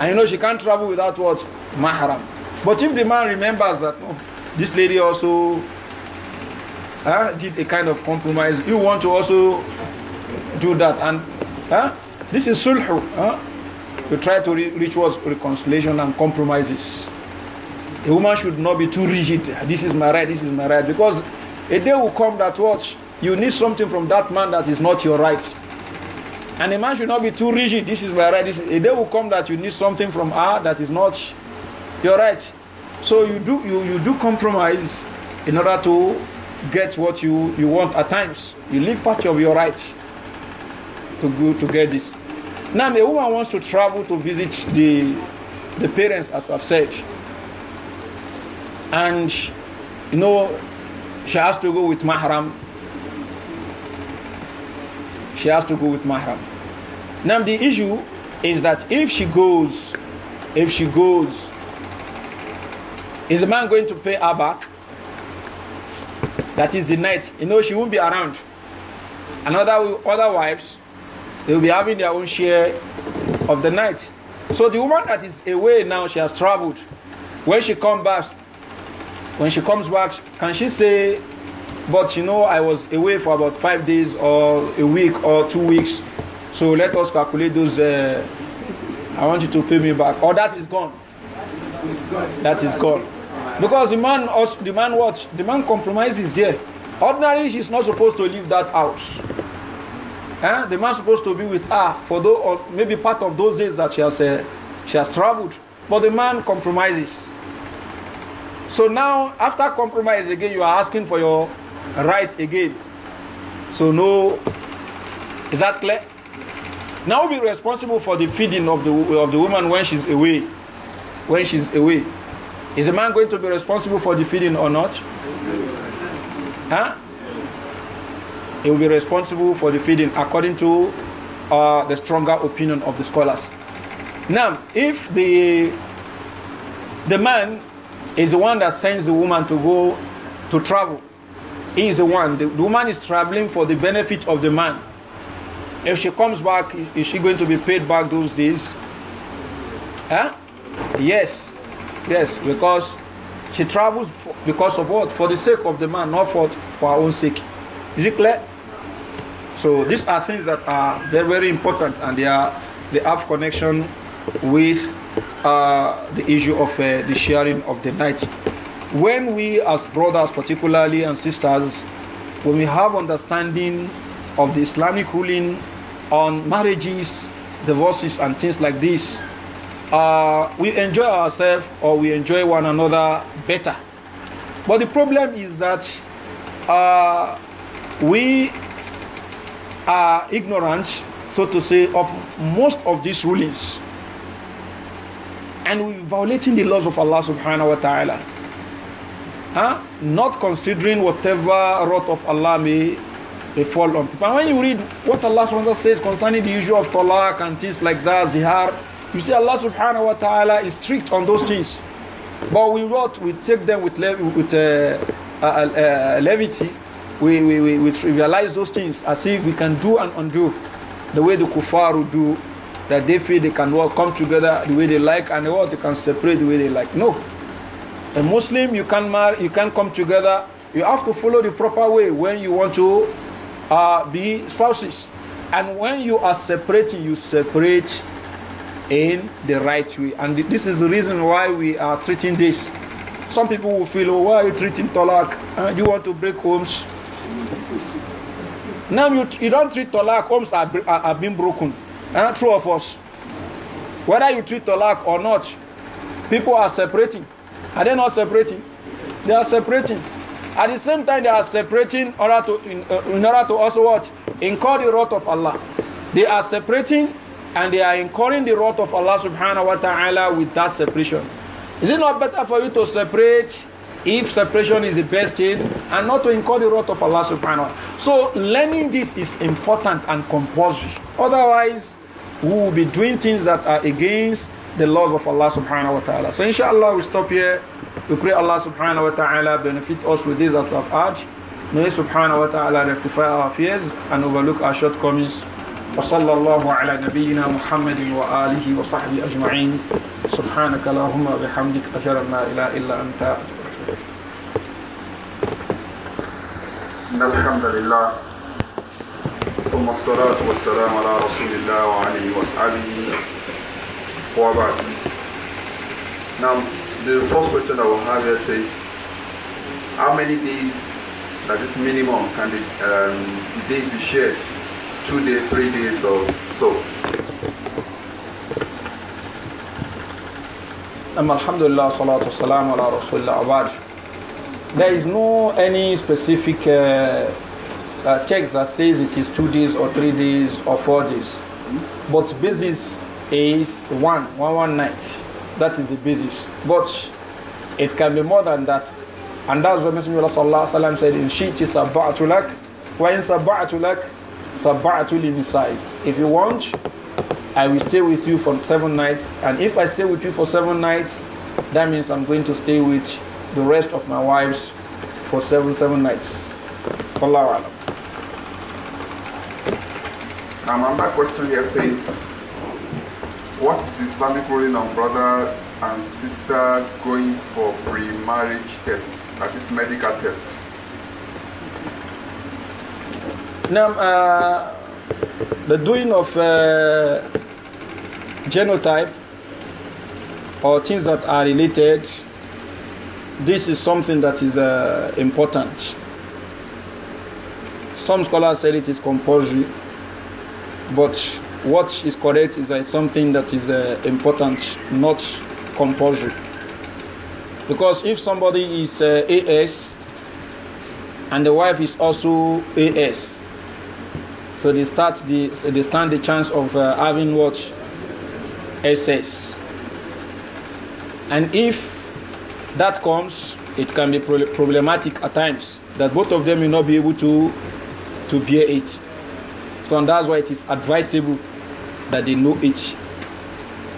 And you know, she can't travel without what? Mahram. But if the man remembers that, oh, this lady also uh, did a kind of compromise. You want to also do that. And uh, this is sulhu. Uh, to try to re reach was reconciliation and compromises. A woman should not be too rigid. This is my right, this is my right. Because a day will come that what you need something from that man that is not your right. And a man should not be too rigid. This is my right. This, a day will come that you need something from her that is not your right. So you do you, you do compromise in order to get what you, you want at times. You leave part of your right to go to get this. Now, a woman wants to travel to visit the, the parents, as I've said. And, you know, she has to go with mahram. She has to go with mahram. Now, the issue is that if she goes, if she goes, is the man going to pay her back? That is the night. You know, she won't be around. And other, other wives, they will be having their own share of the night. So the woman that is away now, she has traveled. When she come back, when she comes back, can she say, but you know, I was away for about five days or a week or two weeks. So let us calculate those. Uh, I want you to pay me back. Or oh, that is gone. That is gone. Because the man also, the man what? The man compromises there. Ordinarily, she's not supposed to leave that house. Eh? The man's supposed to be with her for those, or maybe part of those days that she has, uh, she has traveled. But the man compromises. So now, after compromise again, you are asking for your right again. So no, is that clear? Now be responsible for the feeding of the of the woman when she's away, when she's away. Is the man going to be responsible for the feeding or not? Huh? He will be responsible for the feeding according to uh, the stronger opinion of the scholars. Now, if the the man is the one that sends the woman to go to travel, he is the one. The, the woman is traveling for the benefit of the man. If she comes back, is she going to be paid back those days? Huh? Yes, Yes, because she travels for, because of what? For the sake of the man, not for, for her own sake. Is it clear? So these are things that are very, very important and they are they have connection with uh, the issue of uh, the sharing of the night. When we as brothers particularly and sisters, when we have understanding of the Islamic ruling on marriages, divorces and things like this, uh, we enjoy ourselves or we enjoy one another better. But the problem is that uh, we are ignorant, so to say, of most of these rulings. And we're violating the laws of Allah subhanahu wa ta'ala. Huh? Not considering whatever wrath of Allah may befall fall on people. And when you read what Allah says concerning the issue of talaq and things like that, zihar, you see, Allah subhanahu wa ta'ala is strict on those things. But we what we take them with, with uh, uh, uh, uh, levity. We, we, we, we trivialize those things as if we can do and undo the way the kuffar do, that they feel they can all come together the way they like and what they can separate the way they like. No. A Muslim, you can marry, you can come together. You have to follow the proper way when you want to uh, be spouses. And when you are separating, you separate in the right way. And this is the reason why we are treating this. Some people will feel, oh, why are you treating talak? Uh, you want to break homes? Now you, you don't treat talak, homes are, are, are being broken. And true of us. Whether you treat talak or not, people are separating. Are they not separating? They are separating. At the same time, they are separating in order to, in, uh, in order to also what? Incur the wrath of Allah. They are separating and they are incurring the wrath of Allah subhanahu wa ta'ala with that separation. Is it not better for you to separate if separation is the best thing and not to incur the wrath of Allah subhanahu wa ta'ala? So learning this is important and compulsory. Otherwise, we will be doing things that are against the laws of Allah subhanahu wa ta'ala. So inshallah we stop here. We pray Allah subhanahu wa ta'ala benefit us with this that we have urged. May subhanahu wa ta'ala rectify our fears and overlook our shortcomings. وصلى الله على نبينا محمد وآله وصحبه أجمعين سبحانك اللهم وبحمدك أجر ما إله إلا أنت إن الحمد لله ثم الصلاة والسلام على رسول الله وعليه وصحبه وبعد Now, the first question I will have here says, how many days, that is minimum, can the, um, the days be shared two days, three days or so. Alhamdulillah, salatu salam ala rasulullah There is no any specific uh, uh, text that says it is two days or three days or four days. But basis is one, one, one night. That is the basis. But it can be more than that. And that's what Messenger of Allah said in Shiti Sabatulak, wa in Sabatuli If you want, I will stay with you for seven nights. And if I stay with you for seven nights, that means I'm going to stay with the rest of my wives for seven, seven nights. Allah Alam. Now, my question here says, what is the Islamic ruling on brother and sister going for pre-marriage tests, that is medical tests? Now, uh, the doing of uh, genotype or things that are related, this is something that is uh, important. Some scholars say it is compulsory, but what is correct is that something that is uh, important, not compulsory. Because if somebody is uh, AS and the wife is also AS, so they start the they stand the chance of uh, having what excess. And if that comes, it can be problematic at times that both of them will not be able to to bear it. So and that's why it is advisable that they know it.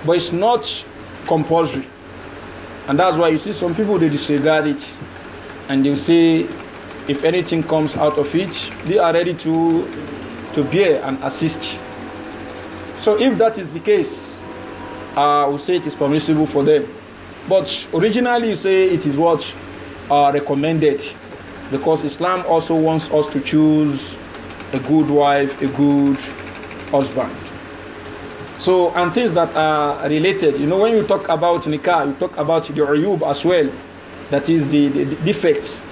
But it's not compulsory. And that's why you see some people they disregard it and they say if anything comes out of it, they are ready to to bear and assist. So if that is the case, I would say it is permissible for them. But originally you say it is what uh, recommended because Islam also wants us to choose a good wife, a good husband. So, and things that are related. You know, when you talk about nikah, you talk about the uyub as well. That is the, the defects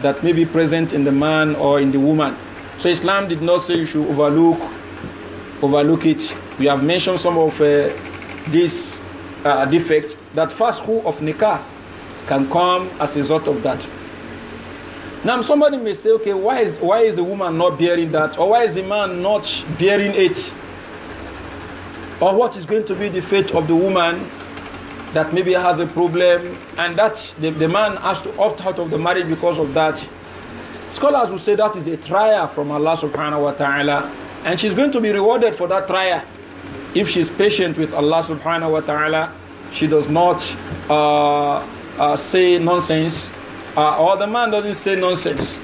that may be present in the man or in the woman. So Islam did not say you should overlook overlook it. We have mentioned some of uh, these uh, defects that fashu of nikah can come as a result of that. Now somebody may say, okay, why is why is a woman not bearing that, or why is a man not bearing it, or what is going to be the fate of the woman that maybe has a problem and that the, the man has to opt out of the marriage because of that. Scholars will say that is a trial from Allah subhanahu wa ta'ala. And she's going to be rewarded for that trial. If she's patient with Allah subhanahu wa ta'ala, she does not uh, uh, say nonsense, uh, or the man doesn't say nonsense.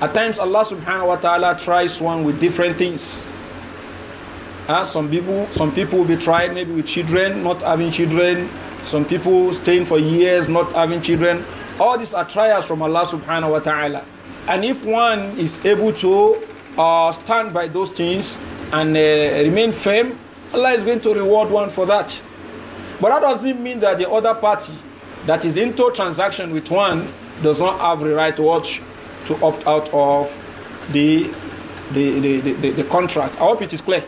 At times, Allah subhanahu wa ta'ala tries one with different things. Uh, some people some people will be tried maybe with children, not having children. Some people staying for years, not having children. All these are trials from Allah subhanahu wa ta'ala. And if one is able to uh, stand by those things and uh, remain firm, Allah is going to reward one for that. But that doesn't mean that the other party that is into transaction with one does not have the right to watch to opt out of the the, the, the, the contract. I hope it is clear.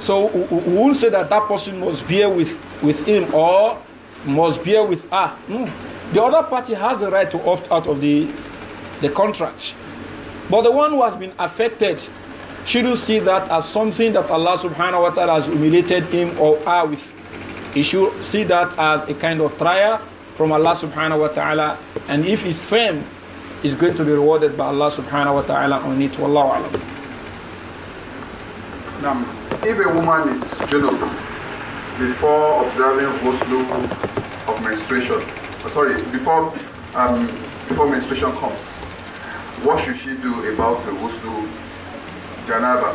So we won't say that that person must bear with, with him or must bear with her. Mm. The other party has the right to opt out of the, the contract. But the one who has been affected shouldn't see that as something that Allah subhanahu wa ta'ala has humiliated him or her with. He should see that as a kind of trial from Allah subhanahu wa ta'ala. And if he's firm, he's going to be rewarded by Allah subhanahu wa ta'ala on it. Wallahu alam. Now, if a woman is junub before observing Muslim of menstruation, Oh, sorry, before um, before menstruation comes, what should she do about the ghusl janaba?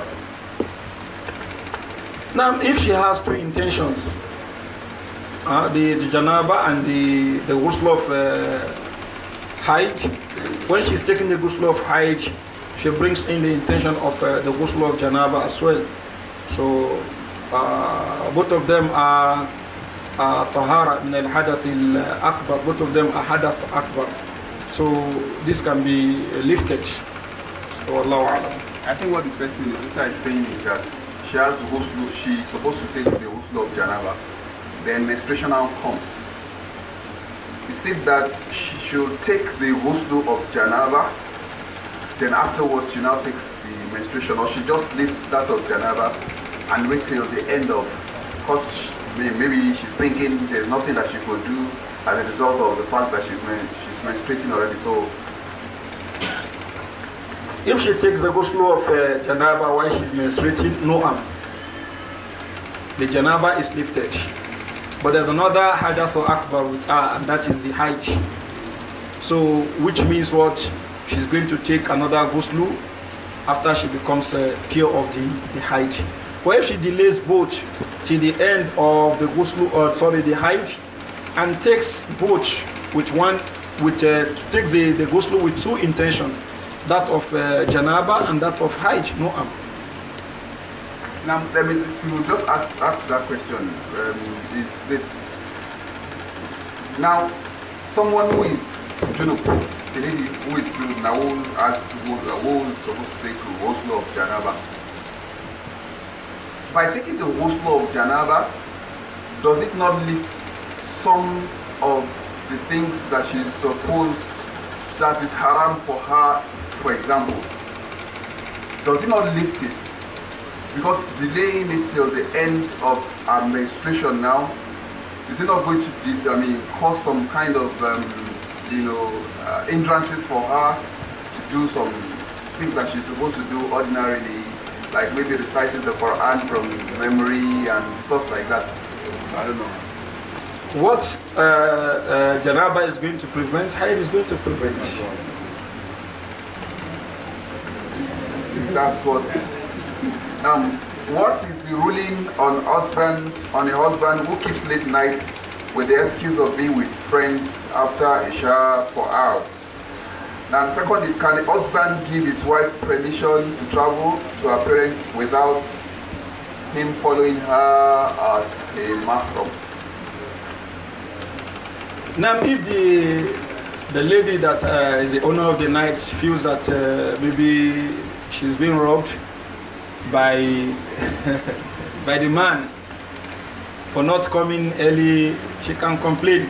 Now, if she has two intentions, uh, the, the janaba and the, the ghusl of uh, Hajj, when she's taking the ghusl of Hajj, she brings in the intention of uh, the ghusl of janaba as well. So uh, both of them are uh, tahara min al-hadath al-akbar. Both of them are hadath akbar. So this can be lifted. So Allah I think what the person is, this guy is saying is that she has to she she's supposed to take the ghusl of janaba. Then menstruation now comes. Is it that she should take the ghusl of janaba? Then afterwards she now takes the menstruation or she just leaves that of janaba and wait till the end of because maybe she's thinking there's nothing that she could do as a result of the fact that she's, she's menstruating already. So, if she takes the ghusl of uh, janaba while she's menstruating, no harm. The janaba is lifted. But there's another hadith or akbar with her, and that is the height. So, which means what? She's going to take another ghusl after she becomes uh, pure of the, the height. But if she delays both till the end of the ghusl, or uh, sorry, the hajj, and takes both with one, with uh, takes the, the ghusl with two intention, that of uh, janaba and that of hajj, no am. Now, let me to just ask, ask that question um, is this. Now, someone who is junub, the lady who is junub now, who, has, who, who is supposed to take ghusl of janaba, by taking the whole ghusl of janaba, does it not lift some of the things that she supposed that is haram for her, for example? Does it not lift it? Because delaying it till the end of administration menstruation now, is it not going to, I mean, cause some kind of, um, you know, uh, hindrances for her to do some things that she's supposed to do ordinarily like maybe reciting the Quran from memory and stuff like that. I don't know. What uh, uh, janaba is going to prevent, haid is going to prevent. That's what. Um, what is the ruling on husband on a husband who keeps late nights with the excuse of being with friends after Isha for hours? And second is, can a husband give his wife permission to travel to her parents without him following her as a mahram? Now, if the, the lady that uh, is the owner of the night feels that uh, maybe she's being robbed by, by the man for not coming early, she can complain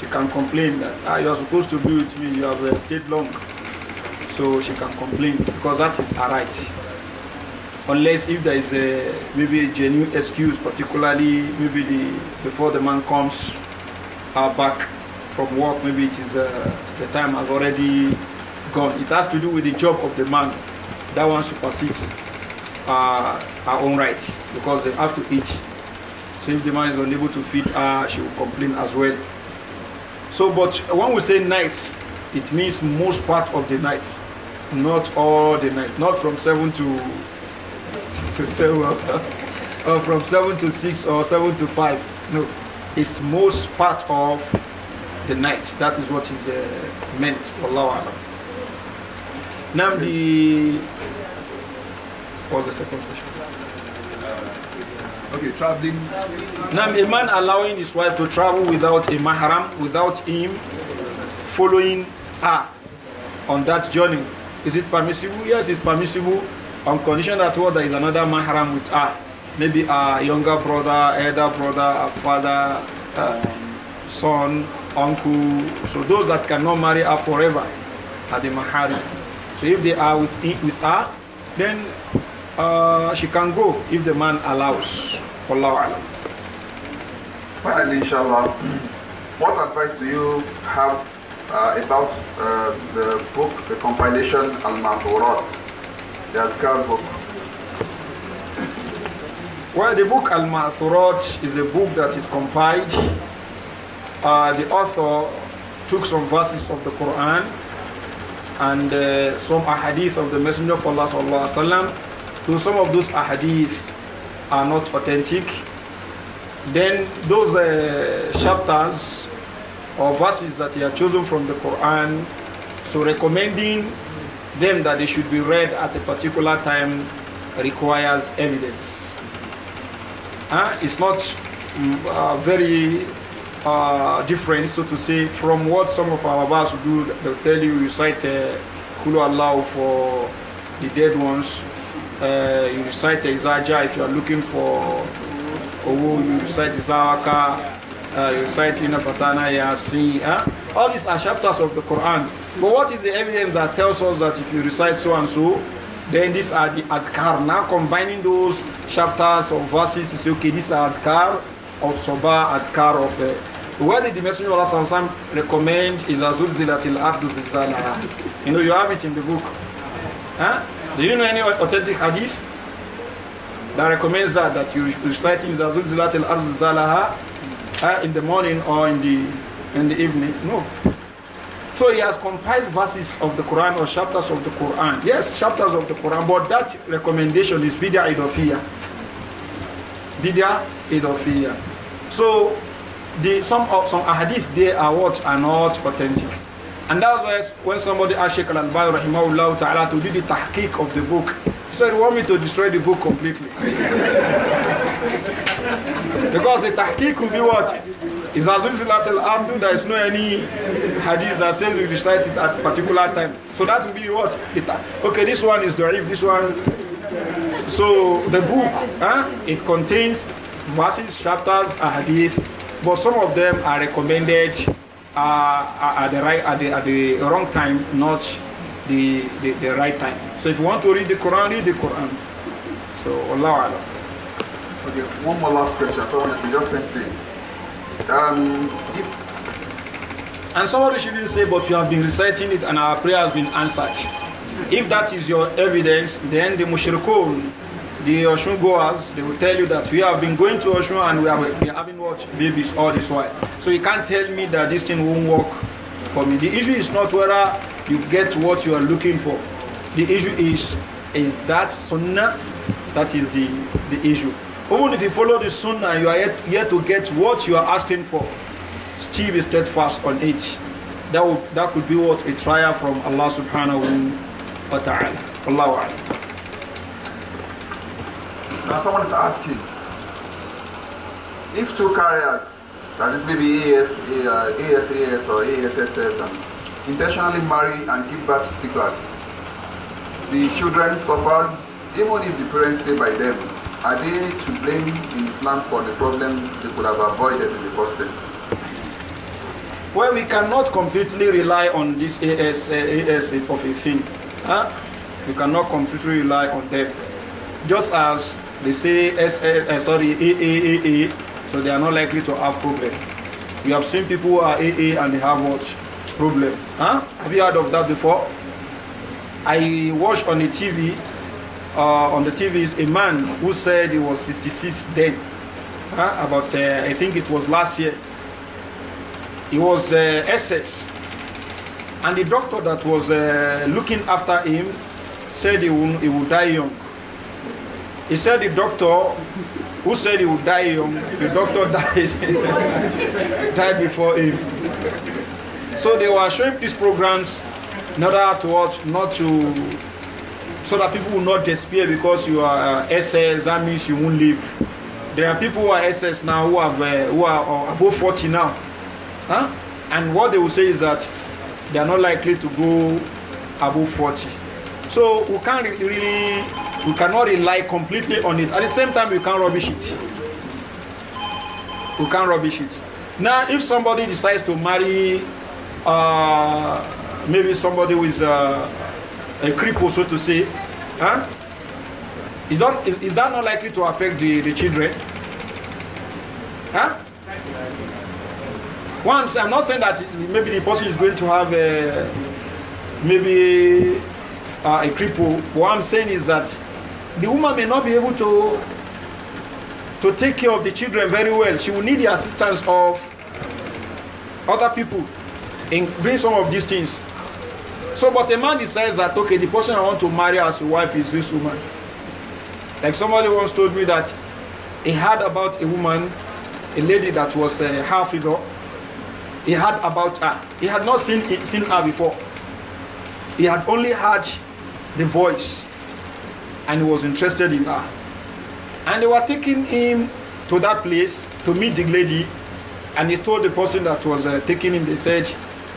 she can complain that, ah, you are supposed to be with me, you have uh, stayed long. So she can complain because that is her right. Unless if there is a, maybe a genuine excuse, particularly maybe the, before the man comes uh, back from work, maybe it is uh, the time has already gone. It has to do with the job of the man. That one supersedes uh, our own rights because they have to eat. So if the man is unable to feed her, she will complain as well. So, but when we say night, it means most part of the night, not all the night, not from 7 to, to 7, or from 7 to 6 or 7 to 5. No, it's most part of the night. That is what is uh, meant, Allah Alam. Now, the. What was the second question? okay, traveling. Now, a man allowing his wife to travel without a mahram, without him following her on that journey, is it permissible? Yes, it's permissible on condition that what there is another mahram with her. Maybe a younger brother, elder brother, a father, um, son, uncle. So those that cannot marry her forever are the mahari. So if they are with, with her, then uh, she can go if the man allows. Wallahu alam. Finally, inshallah, what advice do you have uh, about uh, the book, the compilation Al Mazurat, the Adkar book? Well, the book Al Mazurat is a book that is compiled. Uh, the author took some verses of the Quran and uh, some ahadith of the Messenger of Allah sallallahu alaihi wasallam so some of those ahadith are not authentic. Then those uh, chapters or verses that he had chosen from the Quran, so recommending them that they should be read at a particular time requires evidence. It's not mm, uh, very uh, different, so to say, from what some of our verses do. They'll tell you recite uh, Kulu Allah for the dead ones uh, you recite Izaja if you are looking for Owo, you recite Isawaka, uh, you recite Inafatana, Yasin. Huh? All these are chapters of the Quran. But what is the evidence that tells us that if you recite so and so, then these are the adkar. Now combining those chapters or verses, you say, okay, these are adkar of Soba, adkar of. Uh, where did the Messenger of Allah recommend is Azul Zilatil Abdul You know, you have it in the book. Huh? Do you know any authentic hadith that recommends that, that you recite in the Zulzilat al Zalaha eh, in the morning or in the, in the evening? No. So he has compiled verses of the Quran or chapters of the Quran. Yes, chapters of the Quran, but that recommendation is Bidya Idofiyya. Bidya Idofiyya. So the, some of some hadith they are what are not authentic. And that's why when somebody asked Sheikh Al-Albay rahimahullah ta'ala to do the tahqiq of the book, he said, you want me to destroy the book completely. because the tahqiq will be what? It's Azuzilat al-Abdu, there is no any hadith that says we recite it at particular time. So that will be what? Okay, this one is Da'if, this one... So the book, huh, it contains verses, chapters, hadith, but some of them are recommended Uh, uh, at the right at the, at the wrong time, not the, the, the right time. So if you want to read the Quran, read the Quran. So Allah Allah. Okay, one more last question. Someone should just sent this. Um, if and somebody shouldn't say, but you have been reciting it and our prayer has been answered. If that is your evidence, then the mushrikun the Osho goers, they will tell you that we have been going to Osho and we have been having babies all this while. So you can't tell me that this thing won't work for me. The issue is not whether you get what you are looking for. The issue is is that sunnah that is the, the issue. Even if you follow the sunnah, you are yet, yet to get what you are asking for. Still be steadfast on it. That would that could be what a trial from Allah subhanahu wa ta'ala. Allahu now someone is asking, if two carriers, that is maybe AS, ASAS uh, or ASSS, um, intentionally marry and give birth to seekers, the children suffers even if the parents stay by them. Are they to blame in Islam for the problem they could have avoided in the first place? Well, we cannot completely rely on this AS, AS of a thing. Huh? We cannot completely rely on them. Just as they say SL, uh, eh, sorry, AAAA, so they are not likely to have problem. We have seen people who are AA and they have what? Problem. Huh? Have you heard of that before? I watched on the TV, uh, on the TV, a man who said he was 66 then. Huh? About, uh, I think it was last year. He was uh, SS. And the doctor that was uh, looking after him said he will he will die young. He said the doctor who said he would die young, the doctor died, died before him. So they were showing these programs in order to watch, not to, so that people will not despair because you are uh, SS, that means you won't live. There are people who are SS now who, have, uh, who are uh, above 40 now. Huh? And what they will say is that they are not likely to go above 40 So we can't really, we cannot rely completely on it. At the same time, we can't rubbish it. We can't rubbish it. Now, if somebody decides to marry, uh, maybe somebody with uh, a cripple, so to say, huh? Is that, is, is that not likely to affect the, the children? Huh? Once, I'm not saying that maybe the person is going to have a, uh, maybe uh, a cripple. What I'm saying is that the woman may not be able to to take care of the children very well. She will need the assistance of other people in doing some of these things. So, but a man decides that okay, the person I want to marry as a wife is this woman. Like somebody once told me that he heard about a woman, a lady that was uh, half figure. He heard about her. He had not seen seen her before. He had only heard the voice and he was interested in her. And they were taking him to that place to meet the lady. And he told the person that was uh, taking him, they said,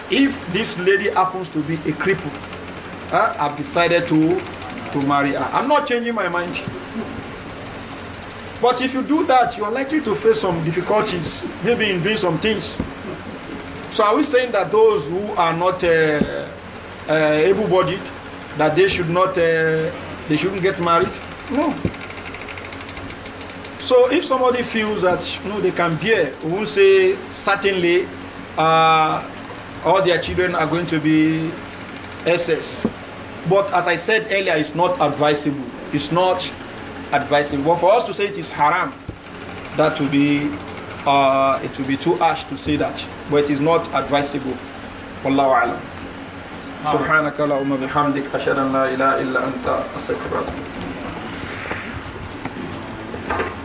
if this lady happens to be a cripple, uh, I've decided to, to marry her. I'm not changing my mind. But if you do that, you are likely to face some difficulties, maybe in doing some things. So are we saying that those who are not uh, uh, able-bodied, that they should not, uh, they shouldn't get married? No. So if somebody feels that you know, they can bear, we will say certainly uh, all their children are going to be SS. But as I said earlier, it's not advisable. It's not advisable. But for us to say it is haram, that to be uh, it would be too harsh to say that. But it is not advisable. Wallahu alam. سبحانك اللهم بحمدك أشهد أن لا إله إلا أنت أستغفرك وأتوب إليك